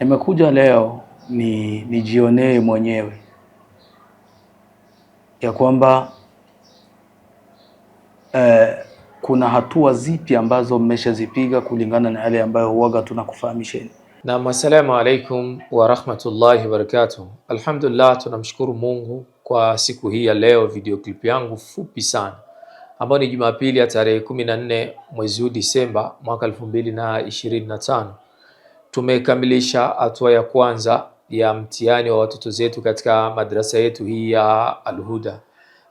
Nimekuja leo ni nijionee mwenyewe ya kwamba eh, kuna hatua zipi ambazo mmeshazipiga kulingana na yale ambayo huaga tunakufahamisheni. Naam, assalamu alaikum wa rahmatullahi wa barakatuh. Alhamdulillah, tunamshukuru Mungu kwa siku hii ya leo, video clip yangu fupi sana ambayo ni Jumapili ya tarehe 14 mwezi huu Disemba mwaka 2025 tumekamilisha hatua ya kwanza ya mtihani wa watoto zetu katika madrasa yetu hii ya Alhuda.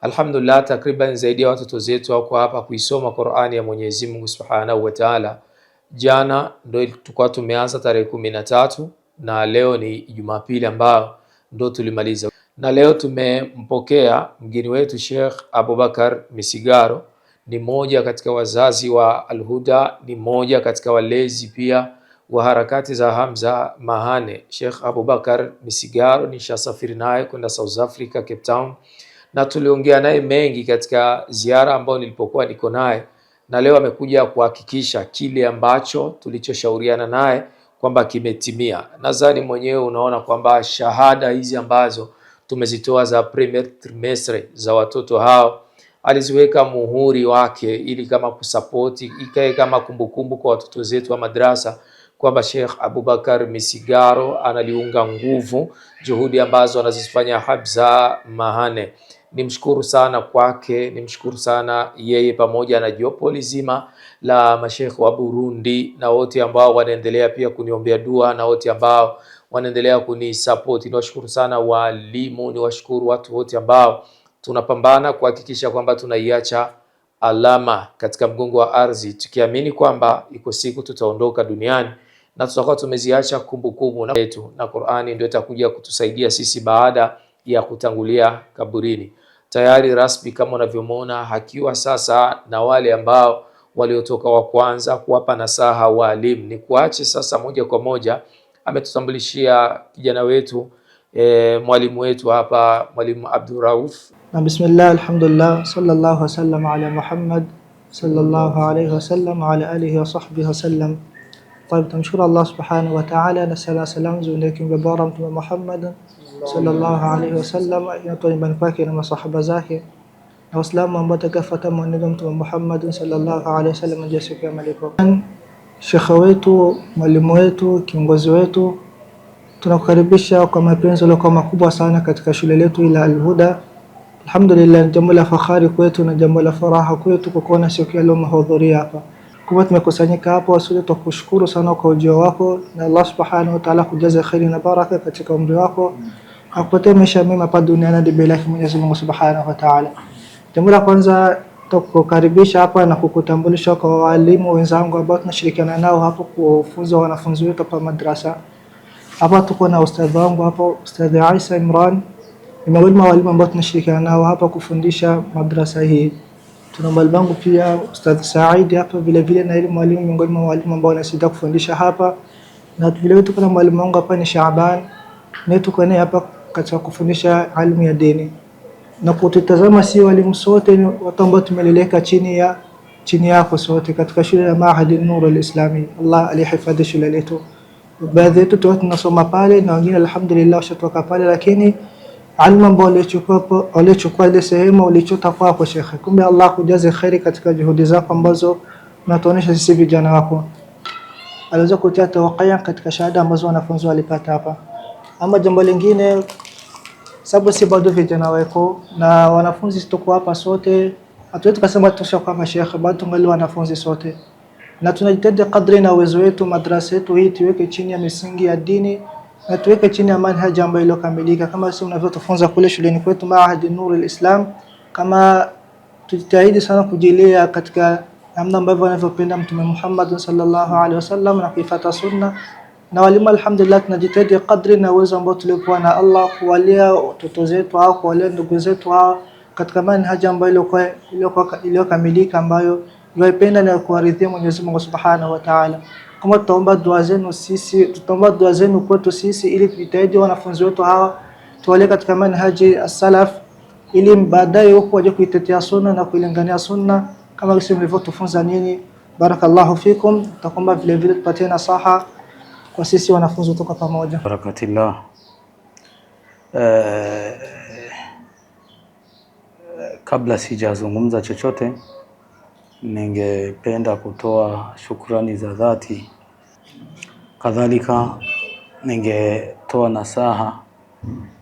Alhamdulillah, takriban zaidi ya watoto zetu wako hapa kuisoma Qur'ani ya Mwenyezi Mungu Subhanahu wa Ta'ala. Jana ndio tulikuwa tumeanza tarehe kumi na tatu na leo ni Jumapili ambayo ndio tulimaliza, na leo tumempokea mgeni wetu Sheikh Abubakar Misigaro, ni mmoja katika wazazi wa Alhuda, ni mmoja katika walezi pia wa harakati za Hamza Mahane, Sheikh Abubakar Misigaro nishasafiri naye kwenda South Africa, Cape Town, na tuliongea naye mengi katika ziara ambayo nilipokuwa niko naye, na leo amekuja kuhakikisha kile ambacho tulichoshauriana naye kwamba kimetimia. Nadhani mwenyewe unaona kwamba shahada hizi ambazo tumezitoa za premier trimestre za watoto hao aliziweka muhuri wake ili kama kusapoti ikae kama kumbukumbu kwa watoto zetu wa madrasa kwamba Sheikh Abubakar Misigaro analiunga nguvu juhudi ambazo anazifanya Habza Mahane. Nimshukuru sana kwake, nimshukuru sana yeye pamoja na jopo lizima la mashekhe wa Burundi na wote ambao wanaendelea pia kuniombea dua na wote ambao wanaendelea kunisupport. Niwashukuru sana walimu, niwashukuru watu wote ambao tunapambana kuhakikisha kwamba tunaiacha alama katika mgongo wa ardhi, tukiamini kwamba iko siku tutaondoka duniani na tutakuwa tumeziacha kumbukumbu yetu, na Qur'ani ndio itakuja kutusaidia sisi baada ya kutangulia kaburini. Tayari rasmi kama unavyomwona hakiwa sasa, na wale ambao waliotoka wa kwanza kuwapa nasaha waalimu ni kuache sasa, moja kwa moja ametutambulishia kijana wetu e, mwalimu wetu hapa, mwalimu Abdurauf. Na bismillah alhamdulillah sallallahu wasallam ala Muhammad sallallahu alayhi wasallam ala alihi wa sahbihi wasallam kwa hivyo tumshukuru Allah subhanahu wa ta'ala, na sala salamu ziende kiumbe bora Mtume Muhammad sallallahu alaihi wasallam, inatoa nyumbani kwake na masahaba zake na Waislamu ambao watakafuata mwenendo Mtume Muhammad sallallahu alaihi wasallam hadi siku ya malipo. Shekhe wetu, mwalimu wetu, kiongozi wetu, tunakukaribisha kwa mapenzi yaliyokuwa makubwa sana katika shule letu ila Alhuda. Alhamdulillah, ni jambo la fahari kwetu na jambo la furaha kwetu kukuona siku ya leo mahudhuria hapa kuwa tumekusanyika hapo, wasote tukushukuru sana kwa ujio wako, na Allah subhanahu wa ta'ala kujaze khairi na baraka katika umri wako, akupatia maisha mema hapa duniani na bila yake Mwenyezi Mungu subhanahu wa ta'ala. Jambo la kwanza tukukaribisha hapa na kukutambulisha kwa walimu wenzangu ambao tunashirikiana nao hapo kufunza wanafunzi wetu hapa madrasa. Hapa tuko na ustadhi wangu hapo, Ustadhi Isa Imran, ni miongoni mwa walimu ambao tunashirikiana nao hapa kufundisha madrasa hii. Tuna mwalimu wangu pia Ustadh Saidi hapa vile vile, na ile mwalimu miongoni mwa walimu ambao anasaidia kufundisha hapa, na vile vile tuko na mwalimu wangu hapa ni Shaaban, na tuko naye hapa katika kufundisha elimu ya dini. Na kututazama si walimu sote ni watu ambao tumeleleka chini ya chini yako sote katika shule ya Mahadi nur Al-Islami. Allah alihifadhi shule letu. Baadhi yetu tunasoma pale na wengine alhamdulillah washatoka pale lakini alimu ambao waliochukua ile sehemu walichota kwako shekhe. Kumbe Allah kujaze kheri katika juhudi zako ambazo unatuonyesha sisi vijana wako. Aliweza kutia tawakaya katika shahada ambazo wanafunzi walipata hapa. Ama jambo lingine, sababu si bado vijana wako na wanafunzi tuko hapa sote, hatuwezi kusema tusha kwa shekhe, bado tungali wanafunzi sote, na tunajitahidi kadri na uwezo wetu madrasa yetu hii tuweke chini ya misingi ya dini na tuweke chini ya manhaji ambayo iliyokamilika, kama sisi unavyotufunza kule shuleni kwetu Maahad Nur al-Islam. Kama tujitahidi sana kujilea katika namna ambavyo anavyopenda Mtume Muhammad sallallahu alaihi wasallam na kuifuata sunna, na walimu alhamdulillah, tunajitahidi kadri na uwezo ambao tulikuwa na Allah kuwalea watoto zetu au kuwalea ndugu zetu au katika manhaji ambayo iliyokamilika ambayo iwaipenda na kuwaridhia Mwenyezi Mungu subhanahu wa ta'ala kama tutaomba dua zenu sisi, tutaomba dua zenu kwetu sisi, ili tujitahidi wanafunzi wetu hawa tuwale katika manhaji as-salaf, ili baadaye huko waje kuitetea sunna na kuilingania sunna kama sisi mlivyotufunza nini Barakallahu fikum. tutakomba vile vile tupatie nasaha kwa sisi wanafunzi kutoka pamoja. Barakatillah. Uh, eh, eh, kabla sijazungumza chochote ningependa kutoa shukrani za dhati. Kadhalika ningetoa nasaha,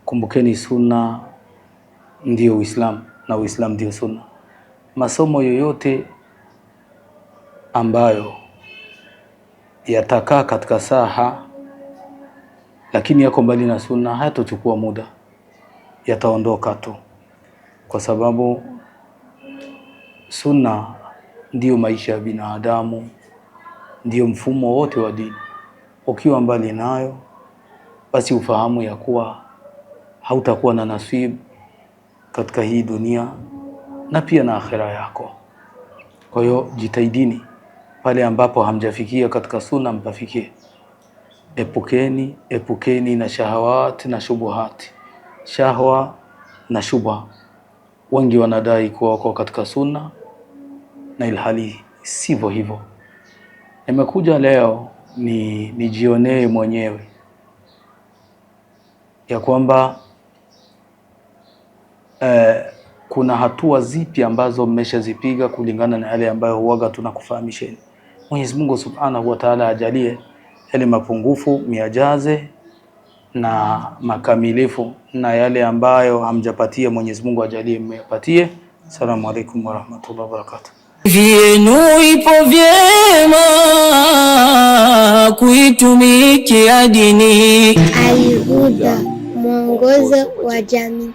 kumbukeni sunna ndiyo Uislamu na Uislamu ndio sunna. Masomo yoyote ambayo yatakaa katika saha lakini yako mbali na sunna hayatochukua muda, yataondoka tu, kwa sababu sunna ndiyo maisha ya binadamu, ndiyo mfumo wote wa dini. Ukiwa mbali nayo, basi ufahamu ya kuwa hautakuwa na nasibu katika hii dunia na pia na akhera yako. Kwa hiyo jitahidini, pale ambapo hamjafikia katika sunna mpafikie. Epukeni, epukeni na shahawati na shubuhati, shahwa na shubha. Wengi wanadai kuwa wako katika sunna na ilhali sivyo hivyo. Nimekuja leo ni nijionee mwenyewe ya kwamba eh, kuna hatua zipi ambazo mmeshazipiga kulingana na yale ambayo huaga tunakufahamisheni. Mwenyezi Mungu Subhanahu wa Ta'ala ajalie yale mapungufu miajaze na makamilifu, na yale ambayo hamjapatia Mwenyezi Mungu ajalie mmeyapatie. wa rahmatullahi wa barakatuh vyenu ipo vyema kuitumikia dini. Alhuda, mwongozo wa jamii.